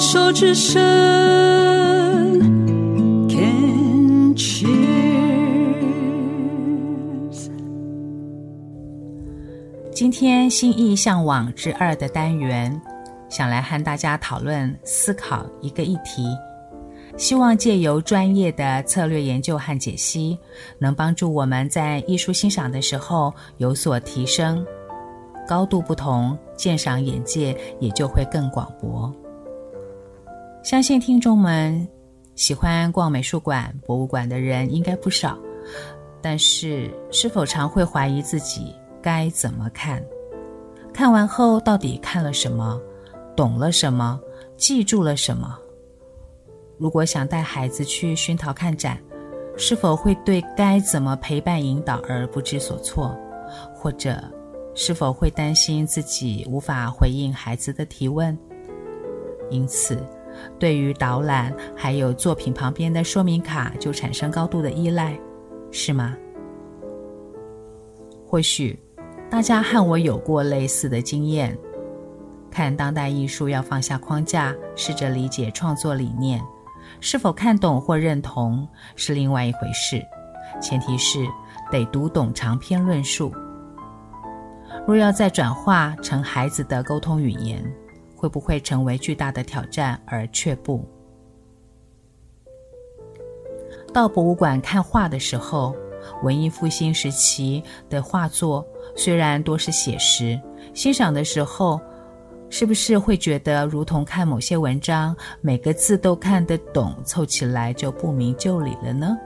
手之伸，can cheers 今天心意向往之二的單元，想來和大家討論、思考一個議題，希望借由專業的策略研究和解析，能幫助我們在藝術欣賞的時候有所提升，高度不同，鑑賞眼界也就會更廣博。相信聽眾們喜歡逛美術館、博物館的人應該不少，但是是否常會懷疑自己該怎麼看？看完後到底看了什麼？懂了什麼？記住了什麼？如果想帶孩子去熏陶看展，是否會對該怎麼陪伴引導而不知所措？或者是否會擔心自己無法回應孩子的提問？因此，對於導覽，還有作品旁邊的說明卡，就產生高度的依賴，是嗎？或許，大家和我有過類似的經驗。看當代藝術要放下框架，試着理解創作理念，是否看懂或認同是另外一回事。前提是得讀懂長篇論述。若要再轉化成孩子的溝通語言，會不會成為巨大的挑戰而卻步？到博物館看畫的時候，文藝復興時期的畫作雖然多是寫實，欣賞的時候是不是會覺得如同看某些文章，每個字都看得懂，湊起來就不明就裡了呢？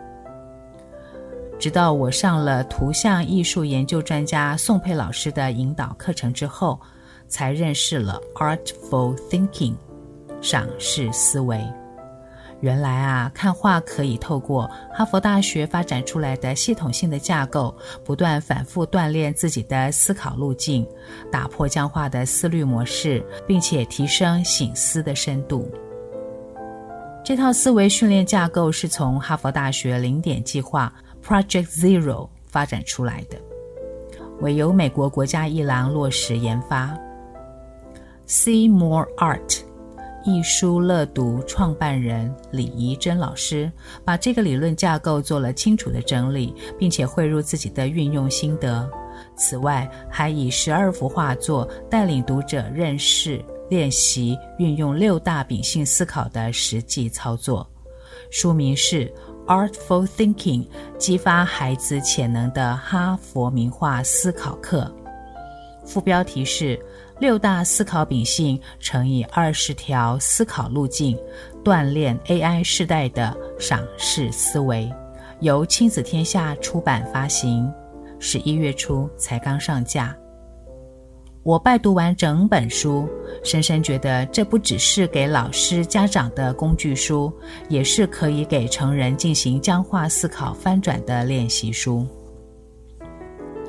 直到我上了圖像藝術研究專家宋佩老師的引導課程之後。才認識了 artful thinking，賞識思維。原來啊，看畫可以透過哈佛大學發展出來的系統性的架構，不斷反復鍛鍊自己的思考路徑，打破僵化的思慮模式，並且提升省思的深度。這套思維訓練架構是從哈佛大學零點計劃 （Project Zero） 發展出來的，委由美國國家藝廊落實研發。See More Art，藝書樂讀創辦人李宜蓁老師把這個理論架構做了清楚的整理，並且匯入自己的運用心得。此外，還以十二幅畫作帶領讀者認識、練習運用六大秉性思考的實際操作。書名是《Artful Thinking》，激發孩子潛能的哈佛名畫思考課。副標題是，六大思考秉性乘以二十條思考路徑，鍛鍊 AI 世代的賞識思維，由親子天下出版發行。十一月初才剛上架，我拜讀完整本書，深深覺得這不只是給老師、家長的工具書，也是可以給成人進行僵化思考翻轉的練習書。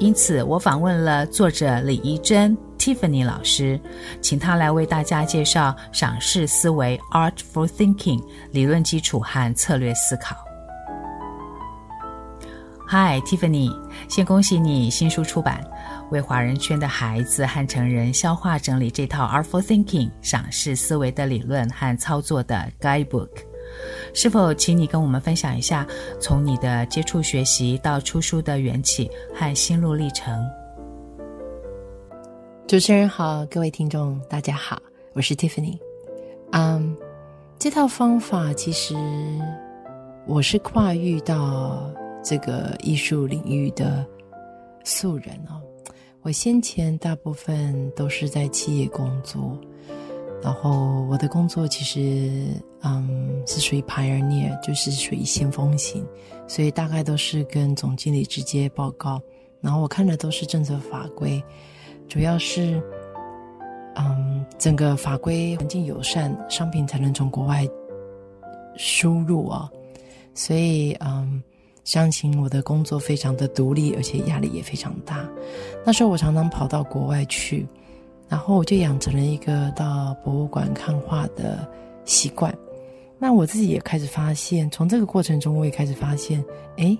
因此，我訪問了作者李宜蓁 Tiffany 老師，請她來為大家介紹賞識思維 （Artful Thinking） 理論基礎和策略思考。Hi，Tiffany，先恭喜你新書出版，為華人圈的孩子和成人消化整理這套 Artful Thinking 賞識思維的理論和操作的 Guidebook。是否，請你跟我們分享一下，從你的接觸、學習到出書的緣起和心路歷程？主持人好，各位聽眾大家好，我是 Tiffany。嗯，um，這套方法其實我是跨域到這個藝術領域的素人哦，我先前大部分都是在企業工作。然後我的工作其實，嗯，是屬於 pioneer，就是屬於先鋒型，所以大概都是跟總經理直接報告。然後我看的都是政策法規，主要是，嗯，整個法規環境友善，商品才能從國外輸入啊。所以，嗯，相信我的工作非常的獨立，而且壓力也非常大。那時候我常常跑到國外去。然後我就養成了一個到博物館看畫的習慣。那我自己也開始發現，從這個過程中，我也開始發現，哎，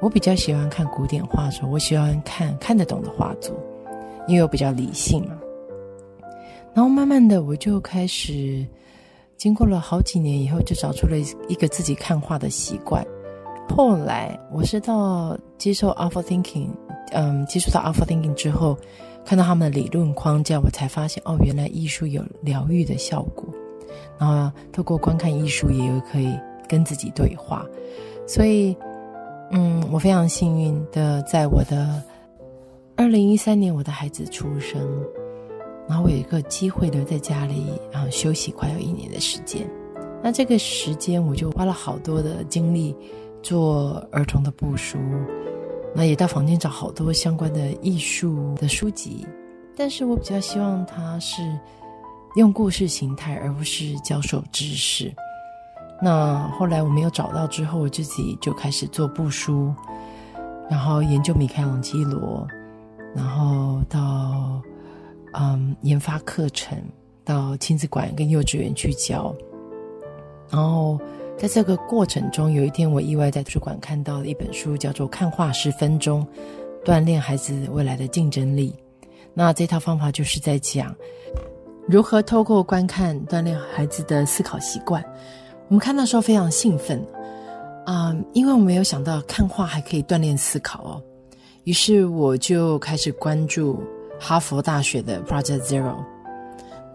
我比較喜歡看古典畫作，我喜歡看看得懂的畫作，因為我比較理性嘛。然後慢慢的，我就開始，經過了好幾年以後，就找出了一個自己看畫的習慣。後來我是到接受 Artful Thinking，嗯，接觸到 Artful Thinking 之後。看到他們的理論框架，我才發現哦，原來藝術有療癒的效果，然後透過觀看藝術也有可以跟自己對話。所以，嗯，我非常幸運的，在我的二零一三年，我的孩子出生，然後我有一個機會留在家裡啊休息快有一年的時間。那這個時間，我就花了好多的精力做兒童的布書。那也到坊間找好多相關的藝術的書籍，但是我比較希望它是用故事形態，而不是教授知識。那後來我沒有找到之後，我自己就開始做布書，然後研究米開朗基羅，然後到嗯研發課程，到親子館跟幼稚園去教，然後。在這個過程中，有一天我意外在圖書館看到了一本書，叫做《看畫十分鐘，鍛鍊孩子未來的競爭力》。那這套方法就是在講如何透過觀看鍛鍊孩子的思考習慣。我們看到的時候非常興奮啊，嗯，因為我沒有想到看畫還可以鍛鍊思考哦。於是我就開始關注哈佛大學的 Project Zero。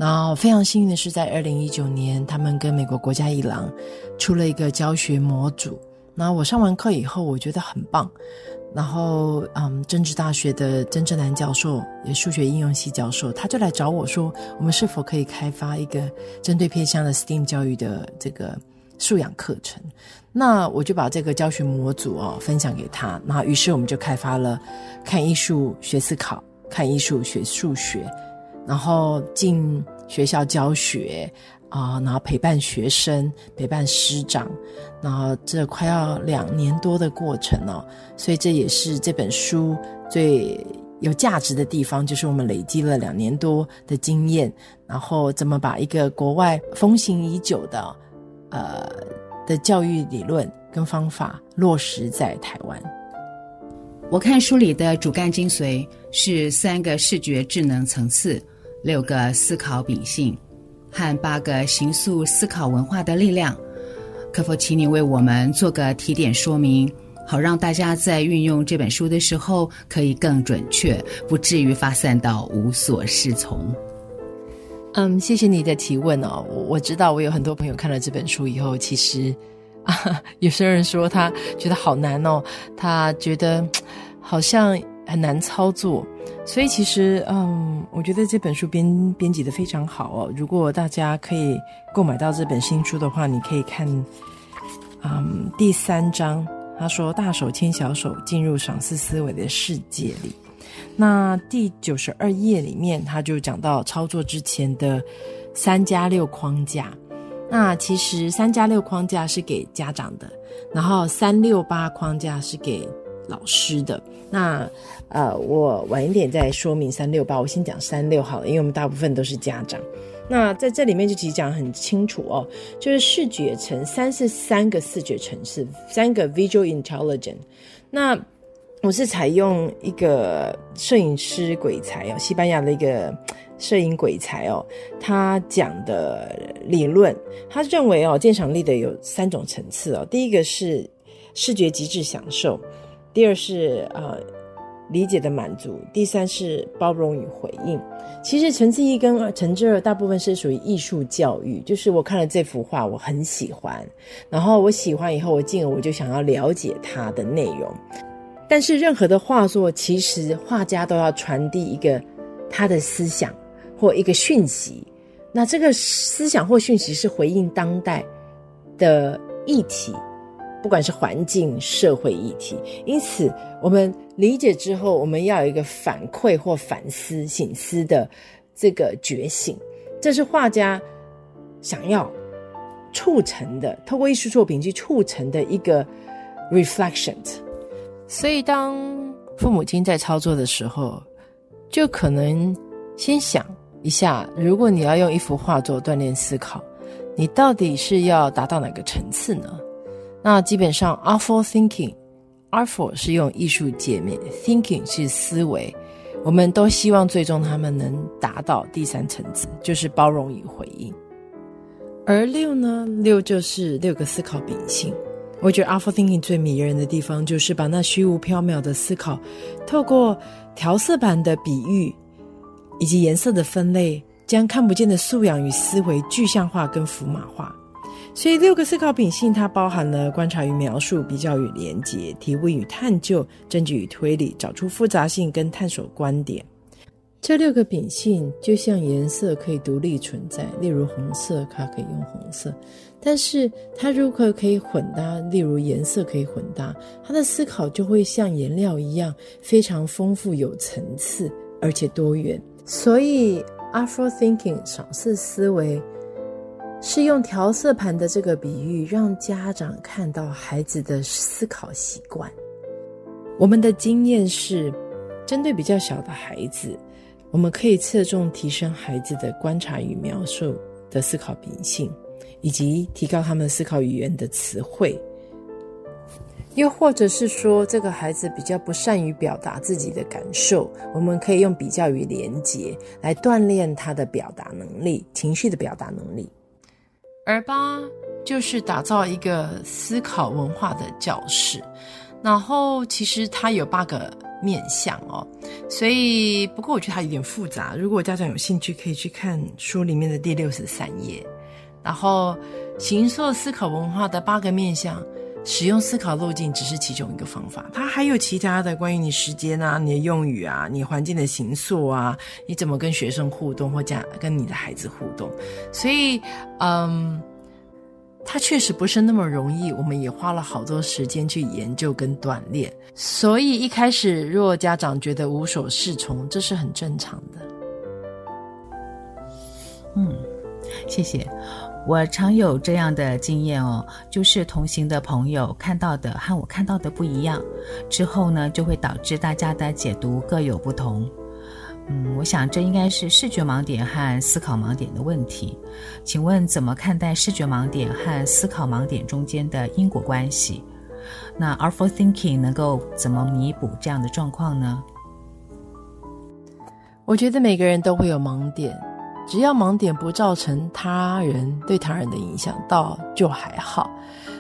然後非常幸運的是，在二零一九年，他們跟美國國家藝廊出了一個教學模組。那我上完課以後，我覺得很棒。然後，嗯，政治大學的曾正男教授，也數學應用系教授，他就來找我說，我們是否可以開發一個針對偏鄉的 STEAM 教育的這個素養課程？那我就把這個教學模組哦分享給他。那於是我們就開發了看藝術學思考，看藝術學數學。然後進學校教學啊，呃，然後陪伴學生，陪伴師長，然後這快要兩年多的過程哦，所以這也是這本書最有價值的地方，就是我們累積了兩年多的經驗，然後怎麼把一個國外風行已久的，呃的教育理論跟方法落實在台灣。我看書裡的主幹精髓是三個視覺智能層次，六個思考秉性和八個形塑思考文化的力量，可否請你為我們做個提點說明，好讓大家在運用這本書的時候可以更準確，不至於發散到無所適從。嗯，謝謝你的提問哦。我知道，我有很多朋友看了這本書以後，其實啊，有些人說他覺得好難哦，他覺得好像很難操作。所以其實，嗯，我覺得這本書編編輯得非常好哦。如果大家可以購買到這本新書的話，你可以看，嗯，第三章，他說“大手牽小手，進入賞識思維的世界裡”。那第九十二頁裡面，他就講到操作之前的三加六框架。那其實三加六框架是給家長的，然後三六八框架是給。老師的那呃，我晚一點再說明三六八，我先講三六好了，因為我們大部分都是家長。那在這裡面就其實講得很清楚哦，就是視覺層三，是三個視覺層次，三個 visual intelligence。那我是採用一個攝影師鬼才哦，西班牙的一個攝影鬼才哦，他講的理論，他認為哦，鑑賞力的有三種層次哦，第一個是視覺極致享受。第二是，呃，理解的滿足；第三是包容與回應。其實陳志一跟陳志二大部分是屬於藝術教育，就是我看了這幅畫，我很喜歡，然後我喜歡以後，我進而我就想要了解它的內容。但是任何的畫作，其實畫家都要傳遞一個他的思想或一個訊息。那這個思想或訊息是回應當代的議題。不管是環境、社會議題，因此我們理解之後，我們要有一個反饋或反思、省思的這個覺醒，這是畫家想要促成的，透過藝術作品去促成的一個 reflection。所以，當父母親在操作的時候，就可能先想一下：如果你要用一幅畫作鍛鍊思考，你到底是要達到哪個層次呢？那基本上，Artful Thinking，Artful 是用藝術解密，Thinking 是思維。我們都希望最終他們能達到第三層次，就是包容與回應。而六呢，六就是六個思考秉性。我覺得 Artful Thinking 最迷人的地方，就是把那虛無縹緲的思考，透過調色板的比喻，以及顏色的分類，將看不見的素養與思維具象化跟符碼化。所以六個思考秉性，它包含了觀察與描述、比較與連接、提問與探究、證據與推理、找出複雜性跟探索觀點。這六個秉性就像顏色可以獨立存在，例如紅色，它可以用紅色；但是它如果可以混搭，例如顏色可以混搭，它的思考就會像顏料一樣非常豐富、有層次，而且多元。所以，Artful Thinking（ 賞識思,思維）。是用調色盤的這個比喻，讓家長看到孩子的思考習慣。我們的經驗是，針對比較小的孩子，我們可以側重提升孩子的觀察與描述的思考秉性，以及提高他們思考語言的詞彙。又或者是說，這個孩子比較不善於表達自己的感受，我們可以用比較與連結來鍛鍊他的表達能力，情緒的表達能力。而八就是打造一個思考文化的教室，然後其實它有八個面向哦，所以不過我覺得它有點複雜。如果家長有興趣，可以去看書裡面的第六十三頁，然後形塑思考文化的八個面向。使用思考路徑只是其中一個方法，它還有其他的關於你時間啊、你的用語啊、你環境的形塑啊、你怎麼跟學生互動或講跟你的孩子互動，所以，嗯，它確實不是那麼容易。我們也花了好多時間去研究跟鍛鍊，所以一開始若家長覺得無所適從，這是很正常的。嗯，謝謝。我常有這樣的經驗哦，就是同行的朋友看到的和我看到的不一樣，之後呢，就會導致大家的解讀各有不同。嗯，我想這應該是視覺盲點和思考盲點的問題。請問怎麼看待視覺盲點和思考盲點中間的因果關係？那 Artful Thinking 能夠怎麼彌補這樣的狀況呢？我覺得每個人都會有盲點。只要盲點不造成他人對他人的影響，倒就還好。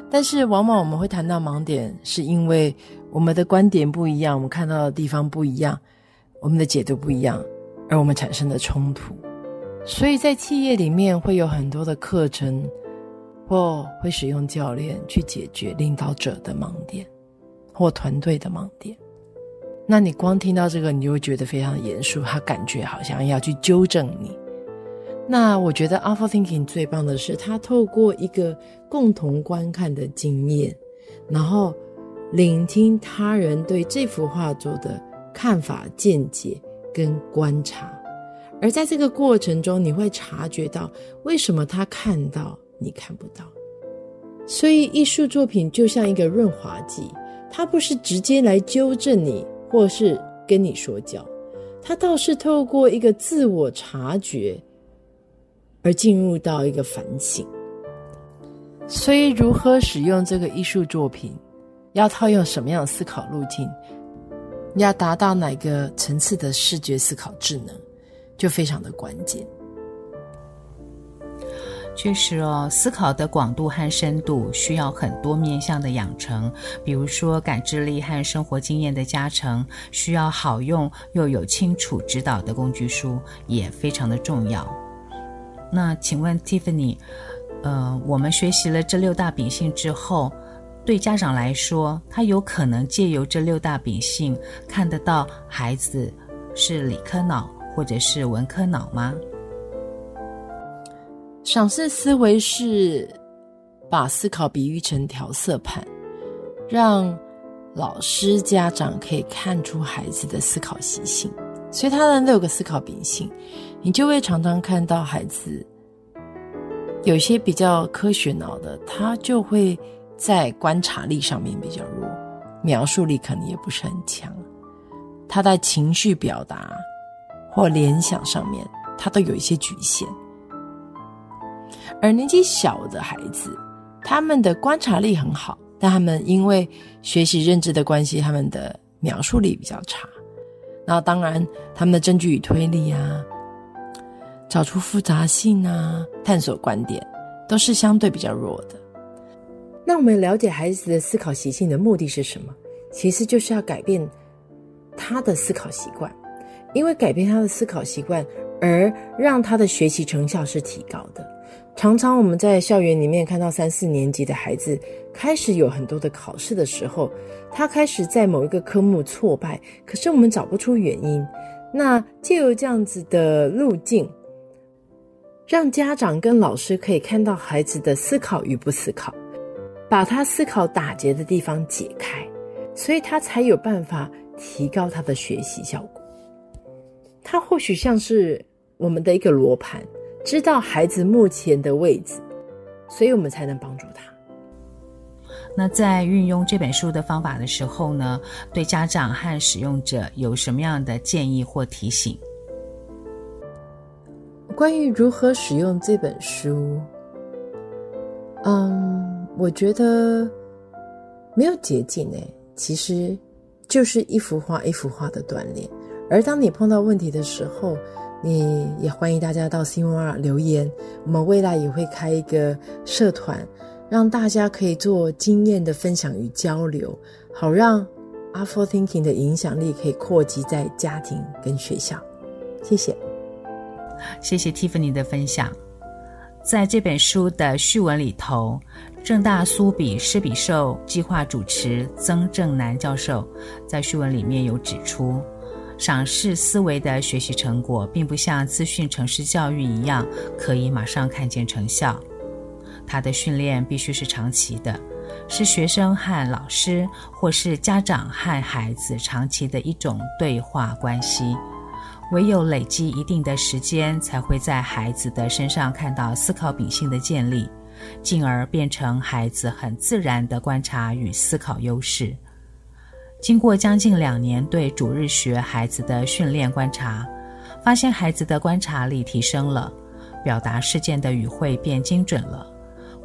但是往往我們會談到盲點，是因為我們的觀點不一樣，我們看到的地方不一樣，我們的解讀不一樣，而我們產生的衝突。所以在企業裡面會有很多的課程，或會使用教練去解決領導者的盲點，或團隊的盲點。那你光聽到這個，你就會覺得非常的嚴肅，他感覺好像要去糾正你。那我覺得 Artful Thinking 最棒的是，他透過一個共同觀看的經驗，然後聆聽他人對這幅畫作的看法、見解跟觀察，而在這個過程中，你會察覺到為什麼他看到你看不到。所以藝術作品就像一個潤滑劑，它不是直接來糾正你或是跟你說教，它倒是透過一個自我察覺。而進入到一個反省，所以如何使用這個藝術作品，要套用什麼樣的思考路徑，要達到哪個層次的視覺思考智能，就非常的關鍵。確實哦，思考的廣度和深度需要很多面向的養成，比如說感知力和生活經驗的加成，需要好用又有清楚指導的工具書，也非常的重要。那請問 Tiffany，呃，我們學習了這六大秉性之後，對家長來說，他有可能借由這六大秉性看得到孩子是理科腦或者是文科腦嗎？賞識思維是把思考比喻成調色盤，讓老師家長可以看出孩子的思考習性。所以他，他的六個思考秉性，你就會常常看到孩子，有些比較科學腦的，他就會在觀察力上面比較弱，描述力可能也不是很強。他在情緒表達或聯想上面，他都有一些局限。而年紀小的孩子，他們的觀察力很好，但他們因為學習認知的關係，他們的描述力比較差。那當然，他們的證據與推理啊，找出複雜性啊，探索觀點，都是相對比較弱的。那我們了解孩子的思考習性的目的是什麼？其實就是要改變他的思考習慣，因為改變他的思考習慣，而讓他的學習成效是提高的。常常我們在校園裡面看到三四年級的孩子開始有很多的考試的時候，他開始在某一個科目挫敗，可是我們找不出原因。那借由這樣子的路徑，讓家長跟老師可以看到孩子的思考與不思考，把他思考打結的地方解開，所以他才有辦法提高他的學習效果。他或許像是我們的一個羅盤。知道孩子目前的位置，所以我們才能幫助他。那在運用這本書的方法的時候呢，對家長和使用者有什麼樣的建議或提醒？關於如何使用這本書，嗯，我覺得沒有捷徑欸，其實就是一幅畫一幅畫的鍛鍊。而當你碰到問題的時候，你也歡迎大家到 CVR 留言，我們未來也會開一個社團，讓大家可以做經驗的分享與交流，好讓 Artful Thinking 的影響力可以擴及在家庭跟學校。謝謝，謝謝 Tiffany 的分享。在這本書的序文裡頭，政大 Soobi 施筆獸計劃主持曾正南教授在序文裡面有指出。賞識思維的學習成果，並不像資訊城市教育一樣，可以馬上看見成效。他的訓練必須是長期的，是學生和老師，或是家長和孩子長期的一種對話關係。唯有累積一定的時間，才會在孩子的身上看到思考秉性的建立，進而變成孩子很自然的觀察與思考優勢。經過將近兩年對主日學孩子的訓練觀察，發現孩子的觀察力提升了，表達事件的語彙變精準了，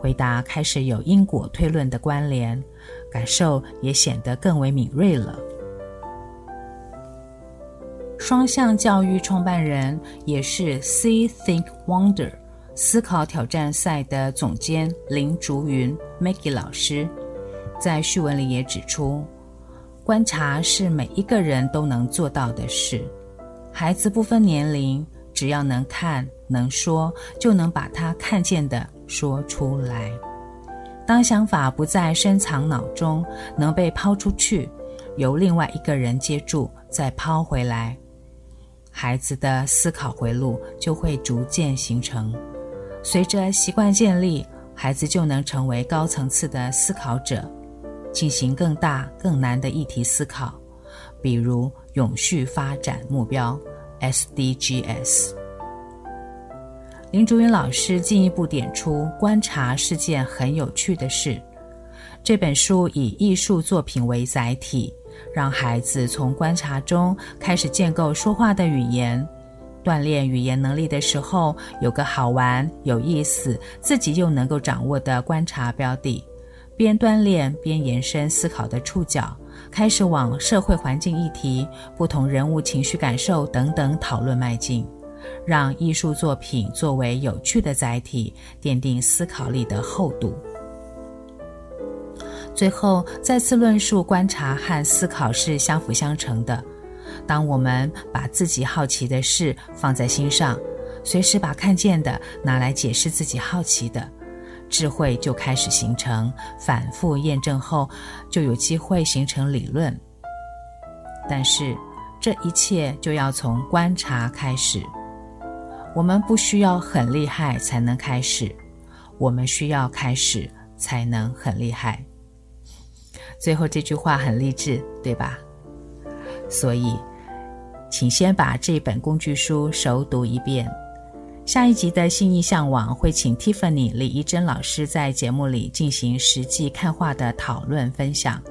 回答開始有因果推論的關聯，感受也顯得更為敏銳了。雙向教育創辦人，也是 See Think Wonder 思考挑戰賽的總監林竹雲 Maggie 老師，在序文裡也指出。觀察是每一個人都能做到的事。孩子不分年齡，只要能看能說，就能把他看見的說出來。當想法不再深藏腦中，能被拋出去，由另外一個人接住再拋回來，孩子的思考回路就會逐漸形成。隨着習慣建立，孩子就能成為高層次的思考者。進行更大、更難的議題思考，比如永續發展目標 （SDGs）。林竹雲老師進一步點出，觀察是件很有趣的事。這本書以藝術作品為載體，讓孩子從觀察中開始建構說話的語言，鍛鍊語言能力的時候，有個好玩、有意思、自己又能夠掌握的觀察標的。邊鍛鍊邊延伸思考的觸角，開始往社會環境議題、不同人物情緒感受等等討論邁進，讓藝術作品作為有趣的載體，奠定思考力的厚度。最後再次論述，觀察和思考是相輔相成的。當我們把自己好奇的事放在心上，隨時把看見的拿來解釋自己好奇的。智慧就開始形成，反覆驗證後，就有機會形成理論。但是，這一切就要從觀察開始。我們不需要很厲害才能開始，我們需要開始才能很厲害。最後這句話很勵志，對吧？所以，請先把這本工具書熟讀一遍。下一集的心藝嚮往會請 Tiffany 李宜蓁老師在節目裡進行實際看畫的討論分享。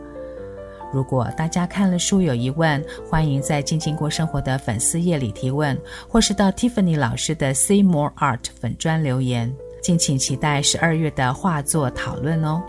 如果大家看了書有疑問，歡迎在靜靜過生活的粉絲頁裡提問，或是到 Tiffany 老師的 See More Art 粉專留言。敬請期待十二月的畫作討論哦。